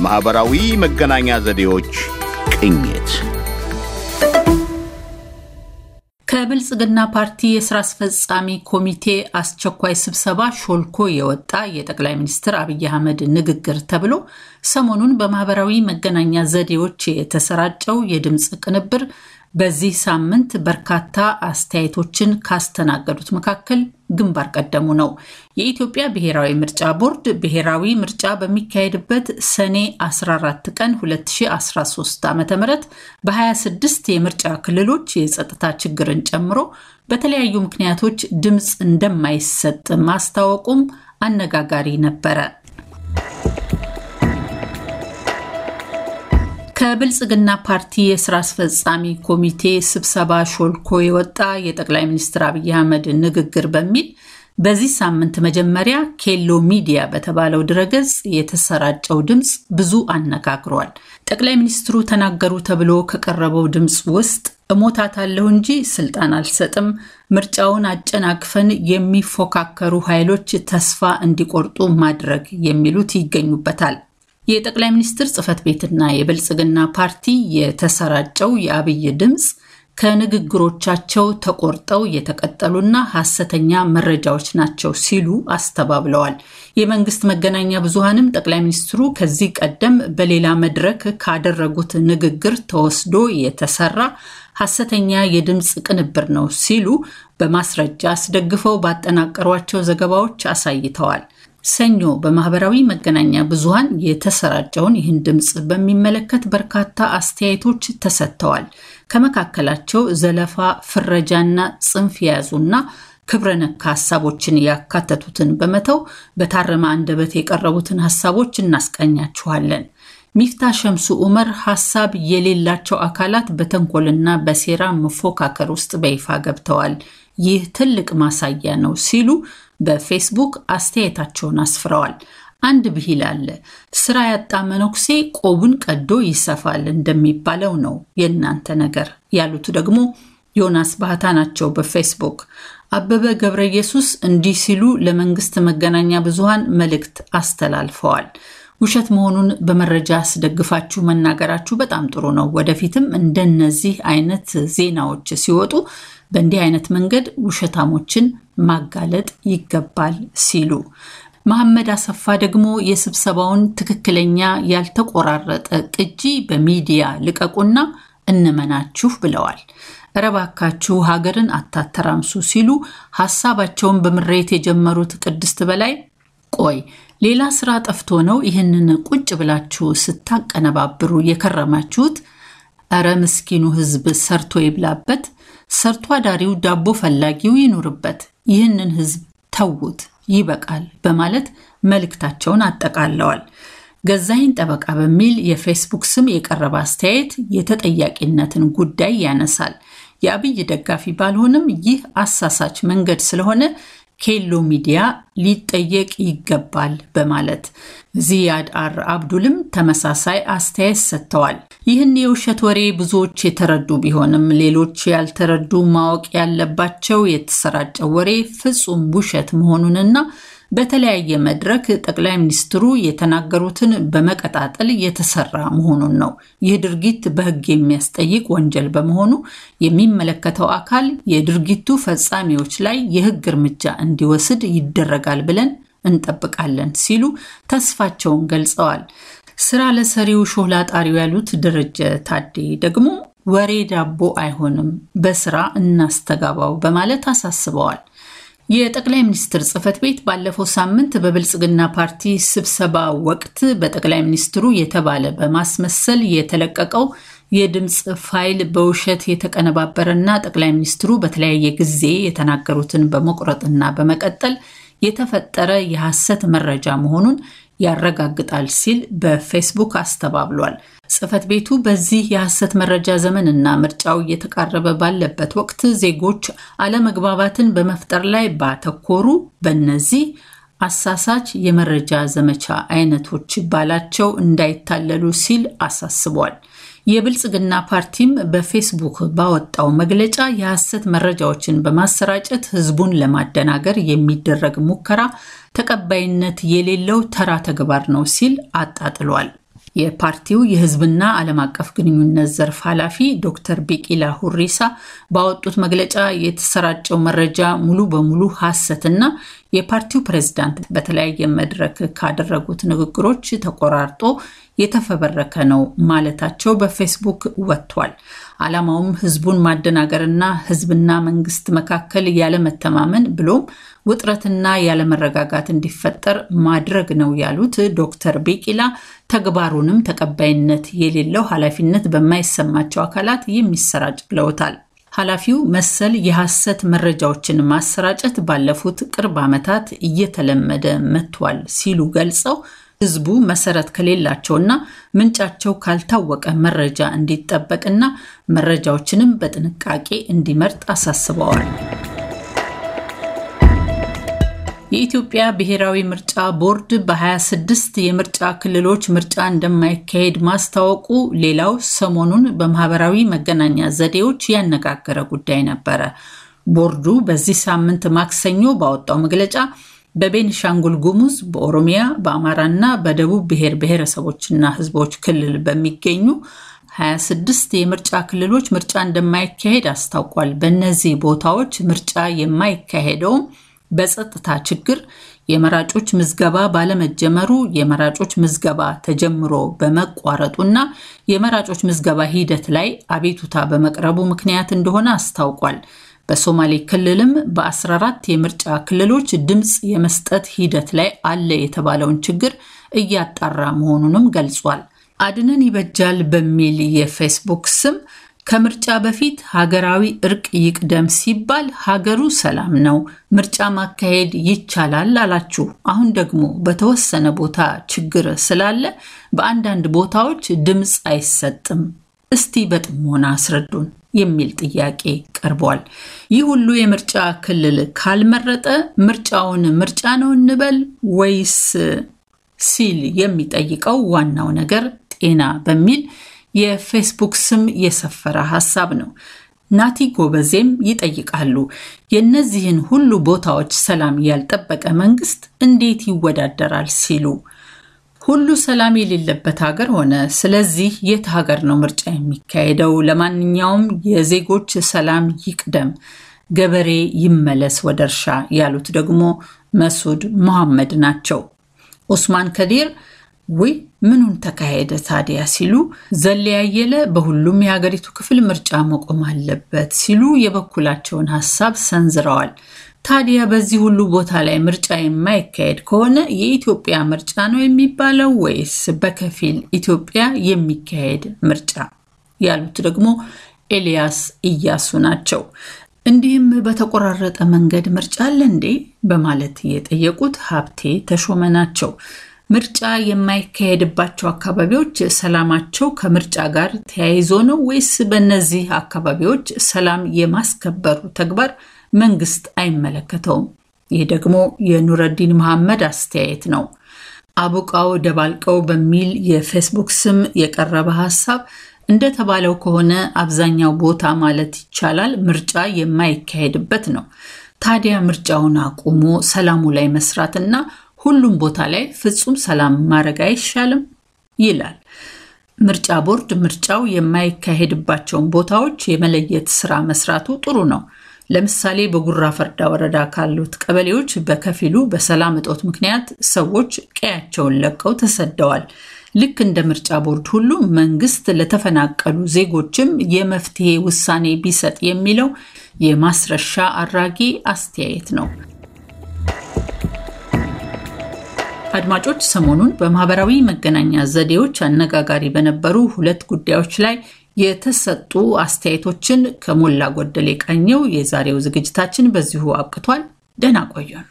የማኅበራዊ መገናኛ ዘዴዎች ቅኝት ከብልጽግና ፓርቲ የስራ አስፈጻሚ ኮሚቴ አስቸኳይ ስብሰባ ሾልኮ የወጣ የጠቅላይ ሚኒስትር አብይ አህመድ ንግግር ተብሎ ሰሞኑን በማህበራዊ መገናኛ ዘዴዎች የተሰራጨው የድምፅ ቅንብር በዚህ ሳምንት በርካታ አስተያየቶችን ካስተናገዱት መካከል ግንባር ቀደሙ ነው። የኢትዮጵያ ብሔራዊ ምርጫ ቦርድ ብሔራዊ ምርጫ በሚካሄድበት ሰኔ 14 ቀን 2013 ዓ ም በ26 የምርጫ ክልሎች የጸጥታ ችግርን ጨምሮ በተለያዩ ምክንያቶች ድምፅ እንደማይሰጥ ማስታወቁም አነጋጋሪ ነበረ። ከብልጽግና ፓርቲ የስራ አስፈጻሚ ኮሚቴ ስብሰባ ሾልኮ የወጣ የጠቅላይ ሚኒስትር አብይ አህመድ ንግግር በሚል በዚህ ሳምንት መጀመሪያ ኬሎ ሚዲያ በተባለው ድረገጽ የተሰራጨው ድምፅ ብዙ አነጋግሯል። ጠቅላይ ሚኒስትሩ ተናገሩ ተብሎ ከቀረበው ድምፅ ውስጥ እሞታታለሁ እንጂ ስልጣን አልሰጥም፣ ምርጫውን አጨናግፈን የሚፎካከሩ ኃይሎች ተስፋ እንዲቆርጡ ማድረግ የሚሉት ይገኙበታል። የጠቅላይ ሚኒስትር ጽህፈት ቤትና የብልጽግና ፓርቲ የተሰራጨው የአብይ ድምፅ ከንግግሮቻቸው ተቆርጠው የተቀጠሉና ሐሰተኛ መረጃዎች ናቸው ሲሉ አስተባብለዋል። የመንግስት መገናኛ ብዙሃንም ጠቅላይ ሚኒስትሩ ከዚህ ቀደም በሌላ መድረክ ካደረጉት ንግግር ተወስዶ የተሰራ ሐሰተኛ የድምፅ ቅንብር ነው ሲሉ በማስረጃ አስደግፈው ባጠናቀሯቸው ዘገባዎች አሳይተዋል። ሰኞ በማህበራዊ መገናኛ ብዙሃን የተሰራጨውን ይህን ድምፅ በሚመለከት በርካታ አስተያየቶች ተሰጥተዋል። ከመካከላቸው ዘለፋ፣ ፍረጃና ጽንፍ የያዙና ክብረ ነክ ሀሳቦችን ያካተቱትን በመተው በታረመ አንደበት የቀረቡትን ሀሳቦች እናስቃኛችኋለን። ሚፍታ ሸምሱ ኡመር ሀሳብ የሌላቸው አካላት በተንኮልና በሴራ መፎካከር ውስጥ በይፋ ገብተዋል፣ ይህ ትልቅ ማሳያ ነው ሲሉ በፌስቡክ አስተያየታቸውን አስፍረዋል። አንድ ብሂል አለ፣ ስራ ያጣ መነኩሴ ቆቡን ቀዶ ይሰፋል እንደሚባለው ነው የእናንተ ነገር ያሉት ደግሞ ዮናስ ባህታ ናቸው። በፌስቡክ አበበ ገብረ ኢየሱስ እንዲህ ሲሉ ለመንግስት መገናኛ ብዙሃን መልእክት አስተላልፈዋል። ውሸት መሆኑን በመረጃ አስደግፋችሁ መናገራችሁ በጣም ጥሩ ነው። ወደፊትም እንደነዚህ አይነት ዜናዎች ሲወጡ በእንዲህ አይነት መንገድ ውሸታሞችን ማጋለጥ ይገባል ሲሉ መሐመድ አሰፋ ደግሞ የስብሰባውን ትክክለኛ ያልተቆራረጠ ቅጂ በሚዲያ ልቀቁና እንመናችሁ ብለዋል። እረባካችሁ ሀገርን አታተራምሱ ሲሉ ሀሳባቸውን በምሬት የጀመሩት ቅድስት በላይ ቆይ ሌላ ስራ ጠፍቶ ነው ይህንን ቁጭ ብላችሁ ስታቀነባብሩ የከረማችሁት? እረ ምስኪኑ ህዝብ ሰርቶ ይብላበት፣ ሰርቶ አዳሪው ዳቦ ፈላጊው ይኑርበት፣ ይህንን ህዝብ ተዉት፣ ይበቃል በማለት መልእክታቸውን አጠቃለዋል። ገዛኸኝ ጠበቃ በሚል የፌስቡክ ስም የቀረበ አስተያየት የተጠያቂነትን ጉዳይ ያነሳል። የአብይ ደጋፊ ባልሆንም ይህ አሳሳች መንገድ ስለሆነ ኬሎ ሚዲያ ሊጠየቅ ይገባል በማለት ዚያድ አር አብዱልም ተመሳሳይ አስተያየት ሰጥተዋል። ይህን የውሸት ወሬ ብዙዎች የተረዱ ቢሆንም ሌሎች ያልተረዱ ማወቅ ያለባቸው የተሰራጨው ወሬ ፍጹም ውሸት መሆኑንና በተለያየ መድረክ ጠቅላይ ሚኒስትሩ የተናገሩትን በመቀጣጠል የተሰራ መሆኑን ነው። ይህ ድርጊት በሕግ የሚያስጠይቅ ወንጀል በመሆኑ የሚመለከተው አካል የድርጊቱ ፈጻሚዎች ላይ የሕግ እርምጃ እንዲወስድ ይደረጋል ብለን እንጠብቃለን ሲሉ ተስፋቸውን ገልጸዋል። ስራ ለሰሪው ሾላ ጣሪው ያሉት ደረጀ ታዴ ደግሞ ወሬ ዳቦ አይሆንም፣ በስራ እናስተጋባው በማለት አሳስበዋል። የጠቅላይ ሚኒስትር ጽህፈት ቤት ባለፈው ሳምንት በብልጽግና ፓርቲ ስብሰባ ወቅት በጠቅላይ ሚኒስትሩ የተባለ በማስመሰል የተለቀቀው የድምፅ ፋይል በውሸት የተቀነባበረና ጠቅላይ ሚኒስትሩ በተለያየ ጊዜ የተናገሩትን በመቁረጥና በመቀጠል የተፈጠረ የሐሰት መረጃ መሆኑን ያረጋግጣል ሲል በፌስቡክ አስተባብሏል። ጽህፈት ቤቱ በዚህ የሐሰት መረጃ ዘመንና ምርጫው እየተቃረበ ባለበት ወቅት ዜጎች አለመግባባትን በመፍጠር ላይ ባተኮሩ በእነዚህ አሳሳች የመረጃ ዘመቻ አይነቶች ባላቸው እንዳይታለሉ ሲል አሳስቧል። የብልጽግና ፓርቲም በፌስቡክ ባወጣው መግለጫ የሐሰት መረጃዎችን በማሰራጨት ህዝቡን ለማደናገር የሚደረግ ሙከራ ተቀባይነት የሌለው ተራ ተግባር ነው ሲል አጣጥሏል። የፓርቲው የህዝብና ዓለም አቀፍ ግንኙነት ዘርፍ ኃላፊ ዶክተር ቢቂላ ሁሪሳ ባወጡት መግለጫ የተሰራጨው መረጃ ሙሉ በሙሉ ሐሰትና የፓርቲው ፕሬዝዳንት በተለያየ መድረክ ካደረጉት ንግግሮች ተቆራርጦ የተፈበረከ ነው ማለታቸው በፌስቡክ ወጥቷል። ዓላማውም ህዝቡን ማደናገርና ህዝብና መንግስት መካከል ያለመተማመን ብሎም ውጥረትና ያለመረጋጋት እንዲፈጠር ማድረግ ነው ያሉት ዶክተር ቢቂላ ተግባሩንም ተቀባይነት የሌለው ኃላፊነት በማይሰማቸው አካላት የሚሰራጭ ብለውታል። ኃላፊው መሰል የሐሰት መረጃዎችን ማሰራጨት ባለፉት ቅርብ ዓመታት እየተለመደ መጥቷል ሲሉ ገልጸው ህዝቡ መሰረት ከሌላቸውና ምንጫቸው ካልታወቀ መረጃ እንዲጠበቅና መረጃዎችንም በጥንቃቄ እንዲመርጥ አሳስበዋል። የኢትዮጵያ ብሔራዊ ምርጫ ቦርድ በ26 የምርጫ ክልሎች ምርጫ እንደማይካሄድ ማስታወቁ ሌላው ሰሞኑን በማህበራዊ መገናኛ ዘዴዎች ያነጋገረ ጉዳይ ነበረ። ቦርዱ በዚህ ሳምንት ማክሰኞ ባወጣው መግለጫ በቤኒሻንጉል ጉሙዝ፣ በኦሮሚያ፣ በአማራና በደቡብ ብሔር ብሔረሰቦችና ህዝቦች ክልል በሚገኙ 26 የምርጫ ክልሎች ምርጫ እንደማይካሄድ አስታውቋል። በእነዚህ ቦታዎች ምርጫ የማይካሄደውም በጸጥታ ችግር፣ የመራጮች ምዝገባ ባለመጀመሩ፣ የመራጮች ምዝገባ ተጀምሮ በመቋረጡና የመራጮች ምዝገባ ሂደት ላይ አቤቱታ በመቅረቡ ምክንያት እንደሆነ አስታውቋል። በሶማሌ ክልልም በ14 የምርጫ ክልሎች ድምፅ የመስጠት ሂደት ላይ አለ የተባለውን ችግር እያጣራ መሆኑንም ገልጿል። አድነን ይበጃል በሚል የፌስቡክ ስም ከምርጫ በፊት ሀገራዊ እርቅ ይቅደም ሲባል ሀገሩ ሰላም ነው፣ ምርጫ ማካሄድ ይቻላል አላችሁ። አሁን ደግሞ በተወሰነ ቦታ ችግር ስላለ በአንዳንድ ቦታዎች ድምፅ አይሰጥም። እስቲ በጥሞና አስረዱን። የሚል ጥያቄ ቀርቧል። ይህ ሁሉ የምርጫ ክልል ካልመረጠ ምርጫውን ምርጫ ነው እንበል ወይስ ሲል የሚጠይቀው ዋናው ነገር ጤና በሚል የፌስቡክ ስም የሰፈረ ሀሳብ ነው። ናቲ ጎበዜም ይጠይቃሉ። የእነዚህን ሁሉ ቦታዎች ሰላም ያልጠበቀ መንግስት እንዴት ይወዳደራል ሲሉ ሁሉ ሰላም የሌለበት ሀገር ሆነ። ስለዚህ የት ሀገር ነው ምርጫ የሚካሄደው? ለማንኛውም የዜጎች ሰላም ይቅደም፣ ገበሬ ይመለስ ወደ እርሻ ያሉት ደግሞ መሱድ መሐመድ ናቸው። ኦስማን ከዲር ውይ ምኑን ተካሄደ ታዲያ ሲሉ ዘሌ ያየለ በሁሉም የሀገሪቱ ክፍል ምርጫ መቆም አለበት ሲሉ የበኩላቸውን ሀሳብ ሰንዝረዋል። ታዲያ በዚህ ሁሉ ቦታ ላይ ምርጫ የማይካሄድ ከሆነ የኢትዮጵያ ምርጫ ነው የሚባለው ወይስ በከፊል ኢትዮጵያ የሚካሄድ ምርጫ? ያሉት ደግሞ ኤልያስ እያሱ ናቸው። እንዲህም በተቆራረጠ መንገድ ምርጫ አለ እንዴ? በማለት የጠየቁት ሀብቴ ተሾመ ናቸው። ምርጫ የማይካሄድባቸው አካባቢዎች ሰላማቸው ከምርጫ ጋር ተያይዞ ነው ወይስ በእነዚህ አካባቢዎች ሰላም የማስከበሩ ተግባር መንግስት አይመለከተውም። ይህ ደግሞ የኑረዲን መሐመድ አስተያየት ነው። አቡቃው ደባልቀው በሚል የፌስቡክ ስም የቀረበ ሀሳብ እንደተባለው ከሆነ አብዛኛው ቦታ ማለት ይቻላል ምርጫ የማይካሄድበት ነው። ታዲያ ምርጫውን አቁሞ ሰላሙ ላይ መስራትና ሁሉም ቦታ ላይ ፍጹም ሰላም ማድረግ አይሻልም? ይላል። ምርጫ ቦርድ ምርጫው የማይካሄድባቸውን ቦታዎች የመለየት ስራ መስራቱ ጥሩ ነው። ለምሳሌ በጉራ ፈርዳ ወረዳ ካሉት ቀበሌዎች በከፊሉ በሰላም እጦት ምክንያት ሰዎች ቀያቸውን ለቀው ተሰደዋል። ልክ እንደ ምርጫ ቦርድ ሁሉ መንግስት ለተፈናቀሉ ዜጎችም የመፍትሄ ውሳኔ ቢሰጥ የሚለው የማስረሻ አራጊ አስተያየት ነው። አድማጮች፣ ሰሞኑን በማህበራዊ መገናኛ ዘዴዎች አነጋጋሪ በነበሩ ሁለት ጉዳዮች ላይ የተሰጡ አስተያየቶችን ከሞላ ጎደል የቃኘው የዛሬው ዝግጅታችን በዚሁ አብቅቷል። ደህና ቆዩን።